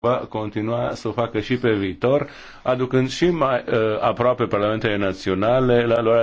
va continua să o facă și pe viitor, aducând și mai uh, aproape Parlamentele Naționale la lor